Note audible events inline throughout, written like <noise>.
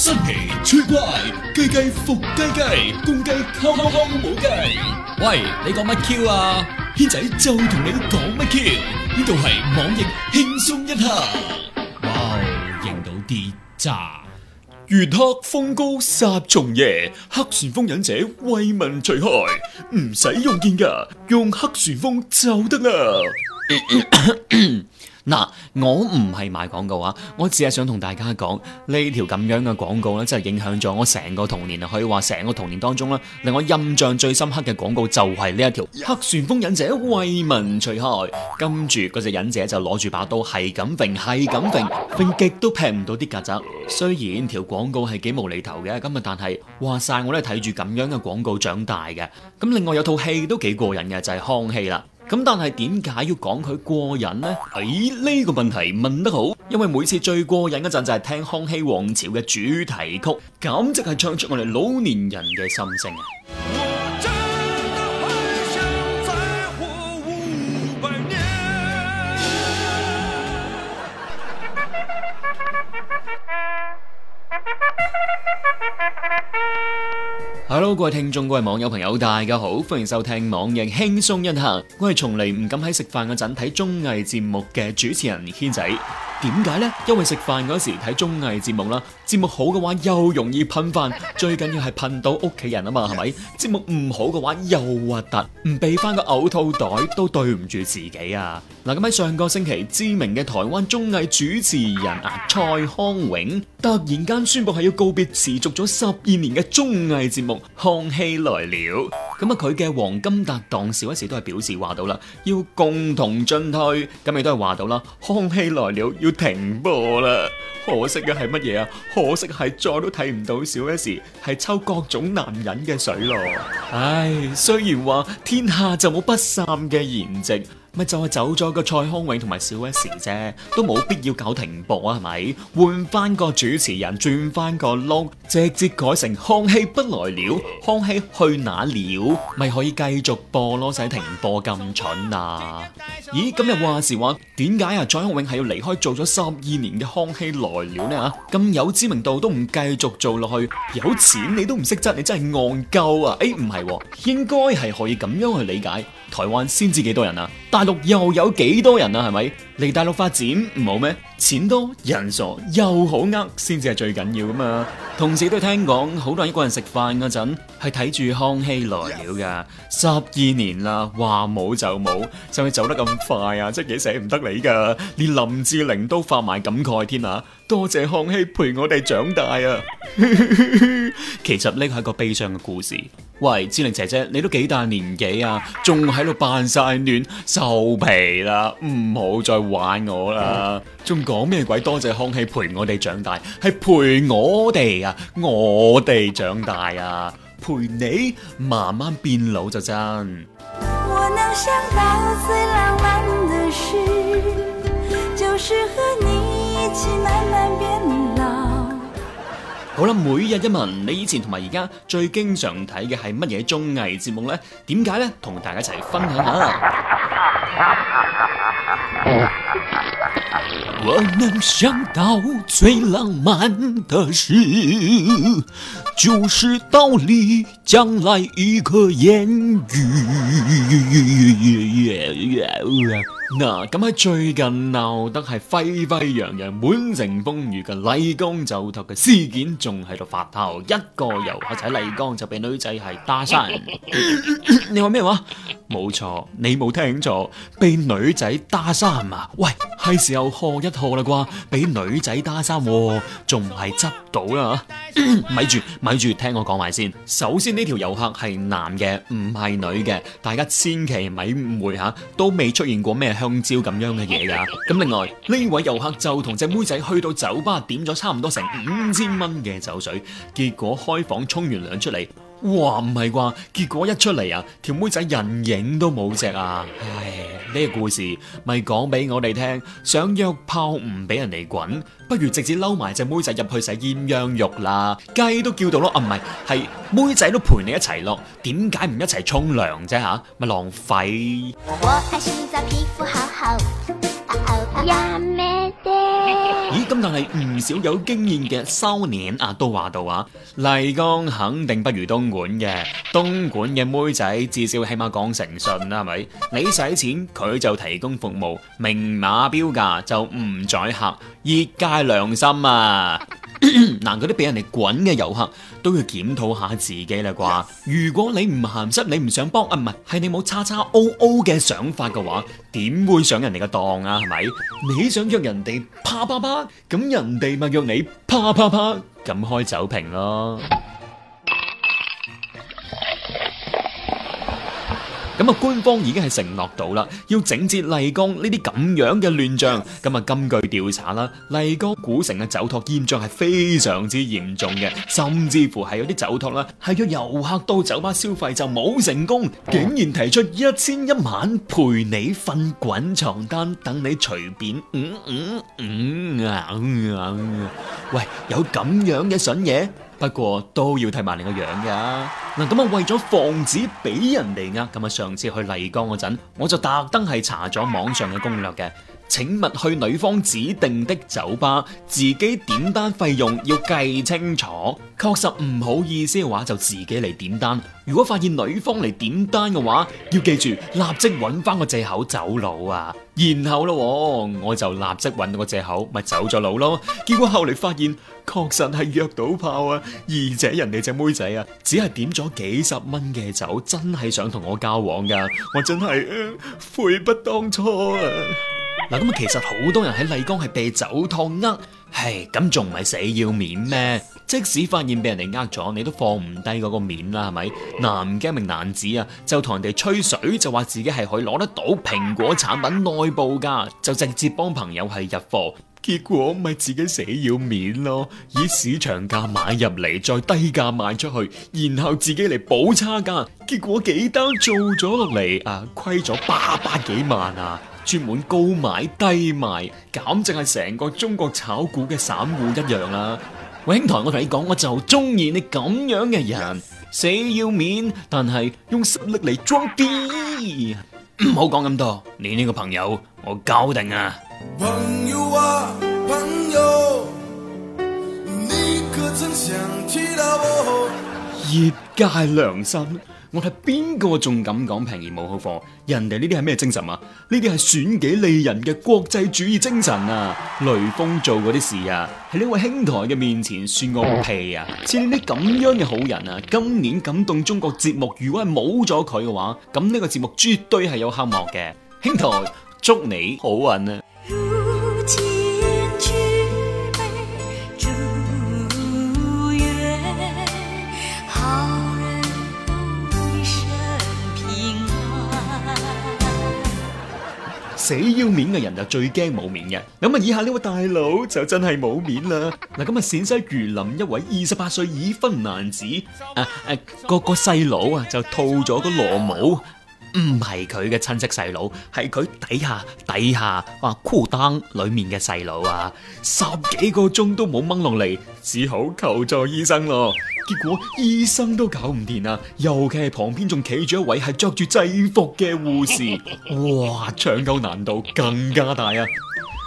新奇趣怪，雞雞伏雞雞，公雞扣扣扣冇雞。喂，你講乜 Q 啊？軒仔就同你講乜 Q？呢度係網易輕鬆一刻。哇，認到啲咋？月黑風高殺蟲夜，黑旋風忍者為民除害，唔使用劍噶，用黑旋風就得啦。 <laughs> <laughs> 嗱、啊，我唔係賣廣告啊，我只係想同大家講呢條咁樣嘅廣告咧，真係影響咗我成個童年啊！可以話成個童年當中咧，令我印象最深刻嘅廣告就係呢一條黑旋風忍者為民除害。跟住嗰隻忍者就攞住把刀，係咁掟，係咁掟，掟極都劈唔到啲曱甴。雖然條廣告係幾無厘頭嘅，咁啊，但係話晒我都睇住咁樣嘅廣告長大嘅。咁另外有套戲都幾過癮嘅，就係、是《康熙》啦。咁但係點解要講佢過癮呢？哎，呢個問題問得好，因為每次最過癮嗰陣就係聽《康熙王朝》嘅主題曲，簡直係唱出我哋老年人嘅心聲。Hello，各位聽眾，各位網友朋友，大家好，歡迎收聽《網易輕鬆一刻》。我係從來唔敢喺食飯嗰陣睇綜藝節目嘅主持人軒仔。點解呢？因為食飯嗰時睇綜藝節目啦，節目好嘅話又容易噴飯，最緊要係噴到屋企人啊嘛，係咪？節 Yes. 目唔好嘅話又核突，唔俾翻個嘔吐袋都對唔住自己啊！嗱、啊、咁、嗯、喺上個星期，知名嘅台灣綜藝主持人啊蔡康永突然間宣布係要告別持續咗十二年嘅綜藝節目《康熙來了》。咁啊，佢嘅黃金搭檔小 S 都係表示話到啦，要共同進退。咁亦都係話到啦，《康熙來、嗯少少了，嗯、了》要要停播啦！可惜嘅係乜嘢啊？可惜係再都睇唔到小 S 係抽各種男人嘅水咯。唉，雖然話天下就冇不散嘅筵席。咪就係走咗個蔡康永同埋小 S 啫，都冇必要搞停播啊，係咪？換翻個主持人，轉翻個轆，直接改成康熙不來了，康熙去哪了，咪可以繼續播咯。啊，使停播咁蠢啊？啊咦，咁又話時話，點解啊？蔡康永係要離開做咗十二年嘅康熙來了呢？吓，咁有知名度都唔繼續做落去，有錢你都唔識執，你真係戇鳩啊？誒，唔係。啊，應該係可以咁樣去理解。台灣先知幾多人啊？大陸又有幾多人啊？係咪嚟大陸發展唔好咩？錢多人傻又好呃，先至係最緊要噶嘛。同時都聽講，好多人一個人食飯嗰陣係睇住康熙來了噶。十二年啦，話冇就冇，就係走得咁快啊！即係幾捨唔得你噶，連林志玲都發埋感慨添啊！多謝康熙陪我哋長大啊！ <laughs> 其實呢個係一個悲傷嘅故事。喂，志玲姐姐，你都幾大年紀啊？仲喺度扮晒嫩收皮啦，唔好再玩我啦，講咩鬼？多謝康熙陪我哋長大，係陪我哋啊，我哋長大啊，陪你慢慢變老就真。我能想到最浪漫嘅事，就是和你一起。好啦，每日一問，你以前同埋而家最經常睇嘅係乜嘢綜藝節目咧？點解咧？同大家一齊分享下。 <laughs> 我能想到最浪漫的事，就是到你將來一個言語 <laughs> 嗱，咁喺最近鬧得係沸沸揚揚、滿城風雨嘅麗江酒托嘅事件，仲喺度發酵，一個遊客喺麗江就俾女仔係打衫。 <laughs> <laughs> 你話咩話？冇錯，你冇聽錯，俾女仔打衫啊！喂，係時候學一學啦啩，俾女仔打衫仲係執。到啦咪住咪住，聽我講埋先。首先呢條遊客係男嘅，唔係女嘅，大家千祈咪誤會嚇，都未出現過咩香蕉咁樣嘅嘢㗎。咁另外呢位遊客就同隻妹仔去到酒吧點咗差唔多成五千蚊嘅酒水，結果開房沖完涼出嚟，哇唔係啩？結果一出嚟啊，條妹仔人影都冇隻啊！唉。呢個故事咪講俾我哋聽，想約炮唔俾人哋滾，不如直接嬲埋隻妹仔入去洗鴛鴦浴啦，雞都叫到咯，啊唔係，係妹仔都陪你一齊咯，點解唔一齊沖涼啫吓，咪、啊、浪費。婆婆咦，咁、嗯、但係唔少有經驗嘅收年啊都話到啊，麗江肯定不如東莞嘅，東莞嘅妹仔至少起碼講誠信啦，係咪？ <laughs> 你使錢佢就提供服務，明碼標價就唔宰客，業界良心啊！嗱，嗰啲俾人哋滾嘅遊客都要檢討下自己啦啩？Yes. 如果你唔鹹濕，你唔想幫啊，唔係係你冇叉叉 O O 嘅想法嘅話。點會上人哋嘅當啊？係咪你想約人哋啪啪啪咁，人哋咪約你啪啪啪咁開酒瓶咯？咁啊，官方已經係承諾到啦，要整治麗江呢啲咁樣嘅亂象。咁啊，根據調查啦，麗江古城嘅酒托現象係非常之嚴重嘅，甚至乎係有啲酒托啦，係約遊客到酒吧消費就冇成功，竟然提出一千一晚陪你瞓滾牀單，等你隨便，嗯嗯嗯啊，喂，有咁樣嘅筍嘢？不過都要睇埋你個樣噶，咁啊為咗防止俾人哋呃，咁啊上次去麗江嗰陣，我就特登係查咗網上嘅攻略嘅。請勿去女方指定的酒吧，自己點單費用要計清楚。確實唔好意思嘅話，就自己嚟點單。如果發現女方嚟點單嘅話，要記住立即揾翻個借口走佬啊！然後咯，我就立即揾到個借口咪走咗佬咯。結果後嚟發現確實係約到炮啊！而且人哋隻妹仔啊，只係點咗幾十蚊嘅酒，真係想同我交往噶，我真係、呃、悔不當初啊！嗱，咁其實好多人喺麗江係被酒托呃，係咁仲唔係死要面咩？即使發現俾人哋呃咗，你都放唔低嗰個面啦，係咪？南京一名男子啊，就同人哋吹水，就話自己係可以攞得到蘋果產品內部噶，就直接幫朋友係入貨，結果咪自己死要面咯，以市場價買入嚟，再低價賣出去，然後自己嚟補差價，結果幾單做咗落嚟，啊，虧咗八百幾萬啊！專門高買低賣，簡直係成個中國炒股嘅散戶一樣啦。喂兄台，我同你講，我就中意你咁樣嘅人，死要面，但係用實力嚟裝逼。唔好講咁多，你呢個朋友我搞定啊！朋友啊，朋友，業界良心。我睇邊個仲敢講便宜冇好貨？人哋呢啲係咩精神啊？呢啲係損己利人嘅國際主義精神啊！雷鋒做嗰啲事啊，喺呢位兄台嘅面前算個屁啊！似呢啲咁樣嘅好人啊，今年感動中國節目如果係冇咗佢嘅話，咁呢個節目絕對係有黑幕嘅。兄台，祝你好運啊！死要面嘅人就最驚冇面嘅。咁啊，以下呢位大佬就真係冇面啦。嗱，咁啊，陝西榆林一位二十八歲已婚男子，誒、啊、誒、啊，個個細佬啊就套咗個螺帽，唔係佢嘅親戚細佬，係佢底下底下話褲襠裏面嘅細佬啊，十幾個鐘都冇掹落嚟，只好求助醫生咯。結果醫生都搞唔掂啊，尤其係旁邊仲企住一位係着住制服嘅護士，哇，搶救難度更加大啊！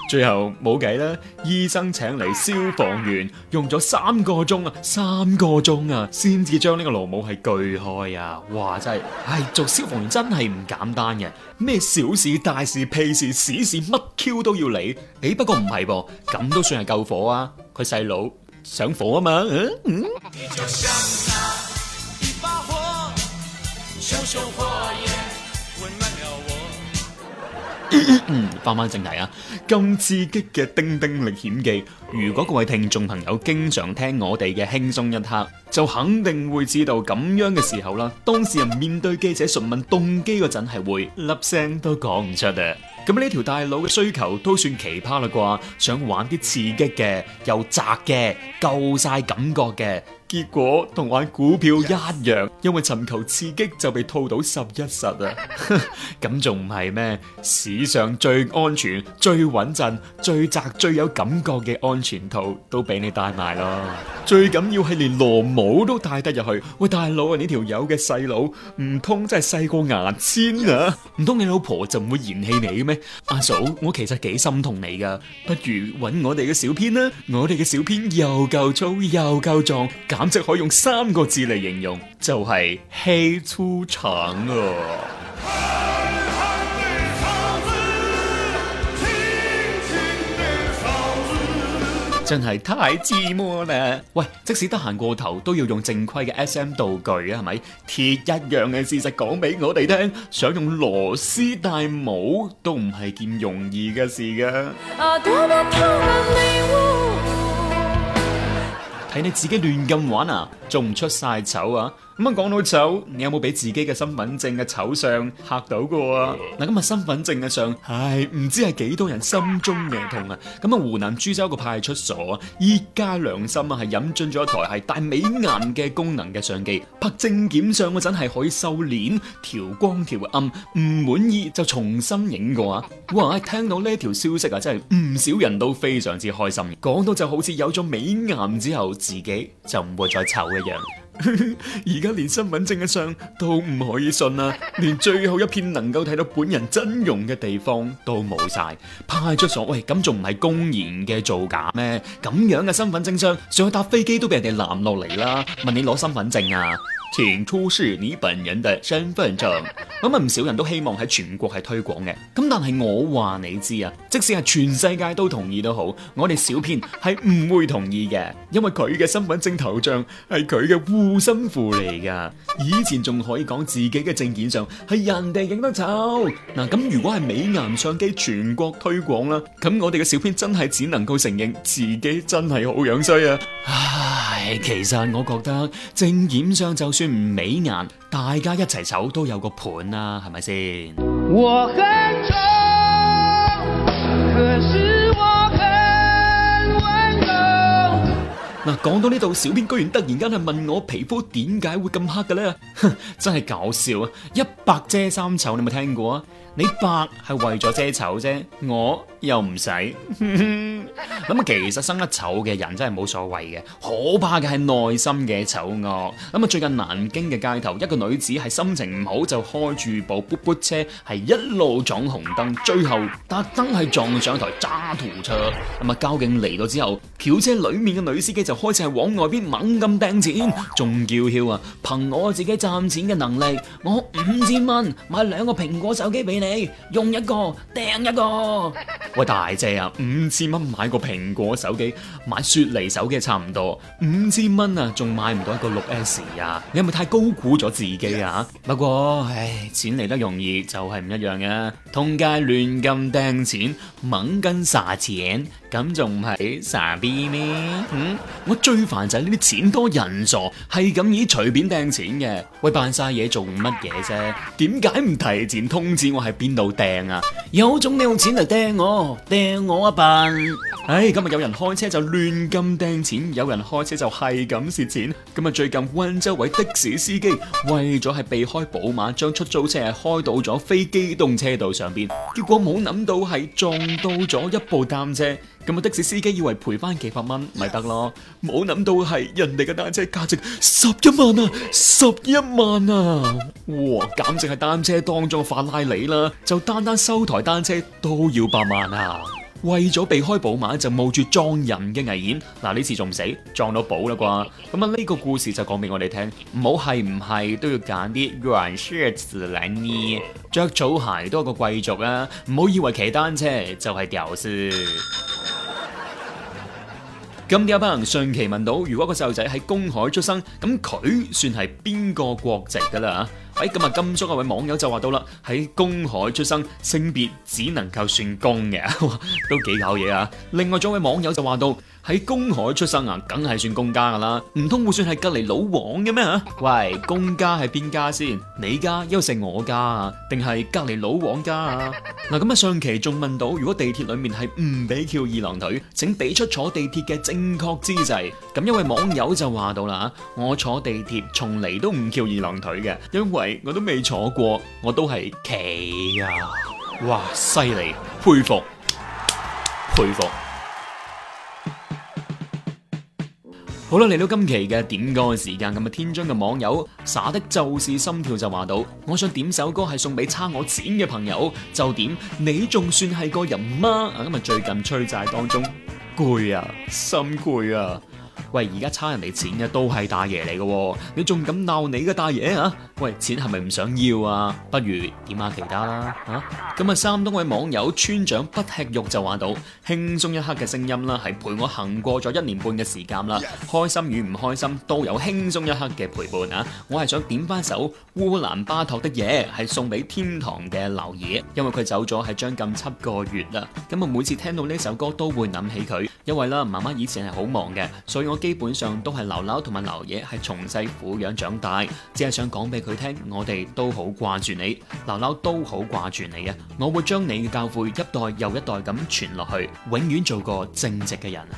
最後冇計啦，醫生請嚟消防員，用咗三個鐘啊，三個鐘啊，先至將呢個螺母係鋸開啊！哇，真係，唉，做消防員真係唔簡單嘅，咩小事大事屁事屎事乜 Q 都要理。誒、欸，不過唔係噃，咁都算係救火啊！佢細佬。上火啊嘛，翻返正題啊，咁刺激嘅《叮叮歷險記》，如果各位聽眾朋友經常聽我哋嘅輕鬆一刻，就肯定會知道咁樣嘅時候啦。當事人面對記者詢問動機嗰陣，係會粒聲都講唔出嘅。咁呢條大佬嘅需求都算奇葩啦啩，想玩啲刺激嘅，又窄嘅，夠晒感覺嘅，結果同玩股票一樣，Yes. 因為尋求刺激就被套到十一實啊！咁仲唔係咩？史上最安全、最穩陣、最窄、最有感覺嘅安全套都俾你帶埋咯， <laughs> 最緊要係連螺帽都帶得入去。喂，大佬啊，你條友嘅細佬唔通真係細過牙籤啊？唔通你老婆就唔會嫌棄你咩？阿、啊、嫂，我其實幾心痛你噶，不如揾我哋嘅小編啦，我哋嘅小編又夠粗又夠壯，簡直可以用三個字嚟形容，就係氣粗長啊！真係太黐魔啦！喂，即使得閒過頭，都要用正規嘅 S M 道具啊，係咪？鐵一樣嘅事實，講俾我哋聽，想用螺絲帶帽都唔係件容易嘅事噶。睇、啊啊、你自己亂咁玩啊，仲唔出晒醜啊！咁啊，講到醜，你有冇俾自己嘅身份證嘅醜相吓到過啊？嗱、嗯，咁啊，身份證嘅相，唉，唔知係幾多人心中嘅痛啊！咁啊，湖南株洲個派出所啊，依家良心啊，係引進咗一台係帶美顏嘅功能嘅相機，拍證件相嗰陣係可以瘦臉、調光、調暗，唔滿意就重新影過啊！哇，聽到呢條消息啊，真係唔少人都非常之開心，講到就好似有咗美顏之後，自己就唔會再醜一樣。而家 <laughs> 連身份證嘅相都唔可以信啦，啊，連最後一片能夠睇到本人真容嘅地方都冇晒。派出所喂，咁仲唔係公然嘅造假咩？咁樣嘅身份證相，上去搭飛機都俾人哋攔落嚟啦，問你攞身份證啊！請出示你本人嘅身份證。咁啊，唔少人都希望喺全國係推廣嘅。咁但係我話你知啊，即使係全世界都同意都好，我哋小編係唔會同意嘅，因為佢嘅身份證頭像係佢嘅護身符嚟噶。以前仲可以講自己嘅證件照係人哋影得醜。嗱，咁如果係美顏相機全國推廣啦，咁我哋嘅小編真係只能夠承認自己真係好樣衰啊！唉，其實我覺得證件照就算。算唔美顏，大家一齊醜都有個伴啦，啊，係咪先？嗱，講 <laughs> 到呢度，小編居然突然間係問我皮膚點解會咁黑嘅咧？哼， <laughs> 真係搞笑啊！一白遮三醜，你有冇聽過啊？你白係為咗遮醜啫，我又唔使。咁啊，其實生得醜嘅人真係冇所謂嘅，可怕嘅係內心嘅醜惡。咁啊，最近南京嘅街頭，一個女子係心情唔好就開住部 B B 車，係一路撞紅燈，最後特登係撞上台渣土車。咁啊，交警嚟到之後，轎車裡面嘅女司機就開始係往外邊猛咁掟錢，仲叫囂啊！憑我自己賺錢嘅能力，我五千蚊買兩個蘋果手機俾。你用一個掟一個， <laughs> 喂，大姐啊，五千蚊買個蘋果手機，買雪梨手機差唔多，五千蚊啊，仲買唔到一個六 S 啊？你係咪太高估咗自己啊？不過 Yes. 唉，錢嚟得容易就係、是、唔一樣嘅、啊，通街亂咁掟錢，猛咁撒錢，咁仲唔係傻 B 咩？嗯，我最煩就係呢啲錢多人傻，係咁以隨便掟錢嘅，喂，扮晒嘢做乜嘢啫？點解唔提前通知我係？去邊度掟啊？有種你用錢嚟掟我，掟我啊笨！唉、哎，今日有人開車就亂咁掟錢，有人開車就係咁蝕錢。咁啊，最近溫州位的士司機為咗係避開寶馬，將出租車係開到咗非機動車道上邊，結果冇諗到係撞到咗一部單車。咁啊！的士司機以為賠翻幾百蚊咪得咯，冇諗到係人哋嘅單車價值十一萬啊！十一萬啊！哇！簡直係單車當中法拉利啦！就單單收台單車都要百萬啊！為咗避開寶馬，就冒住撞人嘅危險。嗱，呢次仲死撞到寶啦啩？咁啊，呢個故事就講俾我哋聽，唔好係唔係都要揀啲靚衣呢？着草鞋都係個貴族啊！唔好以為騎單車就係屌絲。咁呢一班人上期問到，如果個細路仔喺公海出生，咁佢算係邊個國籍㗎啦？喺、哎、今日啊，金叔一位網友就話到啦，喺公海出生，性別只能夠算公嘅，都幾搞嘢啊！另外仲有位網友就話到。喺公海出生啊，梗係算公家噶啦，唔通會算係隔籬老王嘅咩吓？喂，公家係邊家先？你家優勝，還是我家啊？定係隔籬老王家啊？嗱，咁啊，上期仲問到，如果地鐵裏面係唔俾翹二郎腿，請俾出坐地鐵嘅正確姿勢。咁一位網友就話到啦，我坐地鐵從嚟都唔翹二郎腿嘅，因為我都未坐過，我都係企啊！哇，犀利，佩服，佩服。好啦，嚟到今期嘅點歌的時間，咁啊，天津嘅網友耍的就是心跳就話到，我想點首歌係送俾差我錢嘅朋友，就點你仲算係個人嗎？啊，今日最近催債當中，攰啊，心攰啊。喂，而家差人哋錢嘅都係大爺嚟嘅，你仲敢鬧你嘅大爺啊？喂，錢係咪唔想要啊？不如點下其他啦嚇。咁啊、嗯，三東位網友村長不吃肉就話到：輕鬆一刻嘅聲音啦，係陪我行過咗一年半嘅時間啦。Yes! 開心與唔開心都有輕鬆一刻嘅陪伴啊！我係想點翻首烏蘭巴托的夜，係送俾天堂嘅劉爺，因為佢走咗係將近七個月啦。咁啊，每次聽到呢首歌都會諗起佢，因為啦，媽媽以前係好忙嘅，所以我。基本上都係姥姥同埋姥爺係從細撫養長大，只係想講俾佢聽，我哋都好掛住你，姥姥都好掛住你啊！我會將你嘅教誨一代又一代咁傳落去，永遠做個正直嘅人。 <music>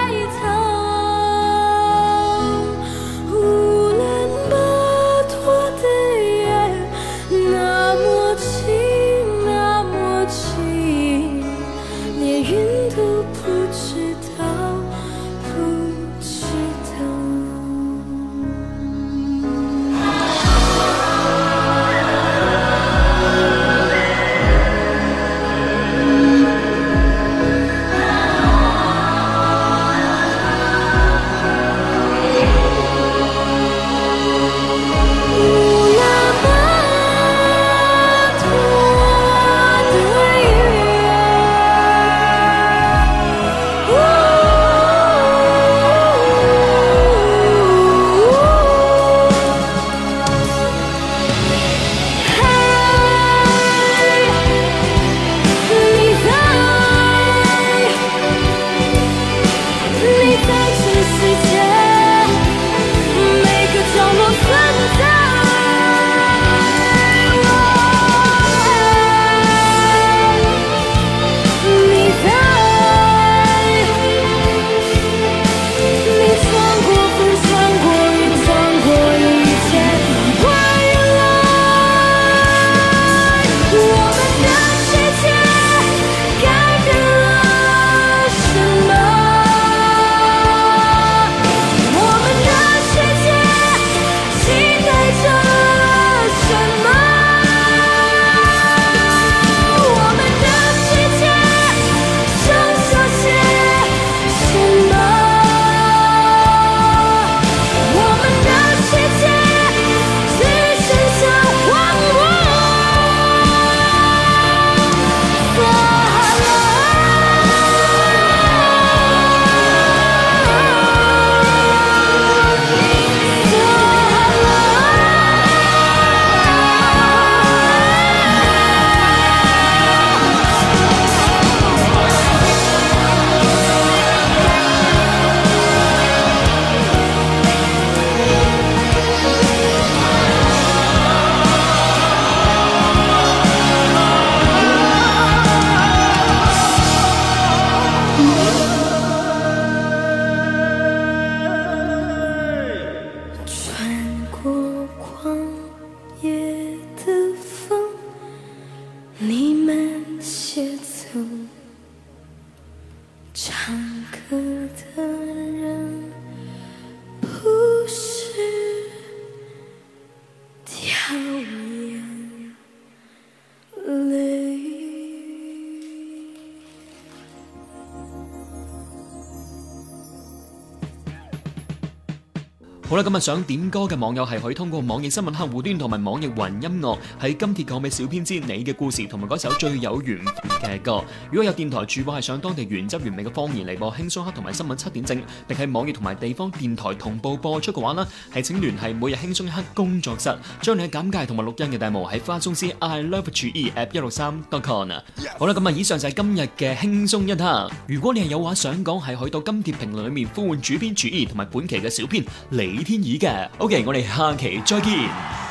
好啦，今、嗯、日想點歌嘅網友係可以通過網易新聞客戶端同埋網易雲音樂喺今帖講畀小編知你嘅故事同埋嗰首最有緣嘅歌。如果有電台主播係想當地原汁原味嘅方言嚟播輕鬆一刻同埋新聞七點整，定喺網易同埋地方電台同步播出嘅話呢係請聯繫每日輕鬆一刻工作室，將你嘅簡介同埋錄音嘅 demo 喺花中之 I Love 主 e app 一六三 .com。Yes. 好啦，咁、嗯、啊，以上就係今日嘅輕鬆一刻。如果你係有話想講，係去到今帖評論裏面呼喚主編主 e 同埋本期嘅小編你。天意嘅，OK，我哋下期再見。